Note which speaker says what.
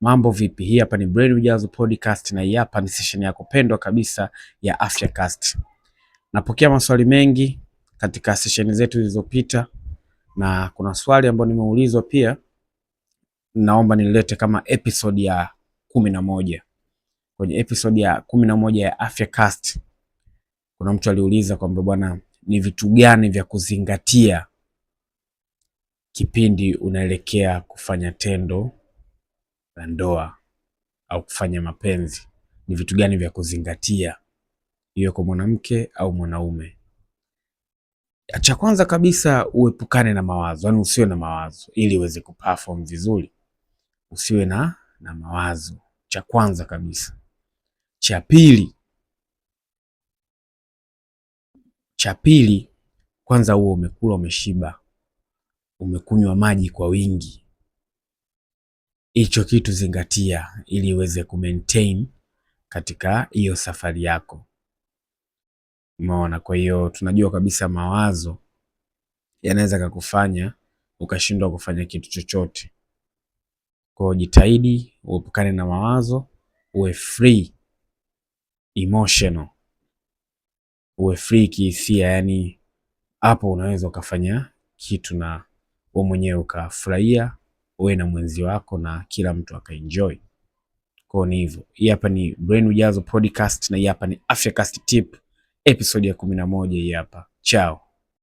Speaker 1: Mambo vipi? Hii hapa ni Brain Ujazo Podcast na hii hapa ni session yako pendwa kabisa ya Afyacast. Napokea maswali mengi katika session zetu zilizopita na kuna swali ambalo nimeulizwa pia, naomba nilete kama episode ya kumi na moja. Kwenye episode ya kumi na moja ya Afyacast kuna mtu aliuliza kwamba bwana, ni vitu gani vya kuzingatia kipindi unaelekea kufanya tendo la ndoa au kufanya mapenzi ni vitu gani vya kuzingatia, iwe kwa mwanamke au mwanaume? Cha kwanza kabisa uepukane na mawazo, yani usiwe na mawazo ili uweze kuperform vizuri. Usiwe na, na mawazo, cha kwanza kabisa. Cha pili, cha pili kwanza, huo umekula umeshiba, umekunywa maji kwa wingi hicho kitu zingatia, ili uweze ku katika hiyo safari yako. Umeona? Kwa hiyo tunajua kabisa mawazo yanaweza kakufanya ukashindwa kufanya kitu chochote. Kwa hiyo jitahidi uepukane na mawazo, uwe free emotional, uwe free kihisia. Yani hapo unaweza ukafanya kitu na wewe mwenyewe ukafurahia uwe na mwenzi wako na kila mtu akaenjoy. Kwa ni hivyo, hii hapa ni Brain Ujazo Podcast na hii hapa ni Afya Cast Tip episode ya kumi na moja. Hii hapa chao.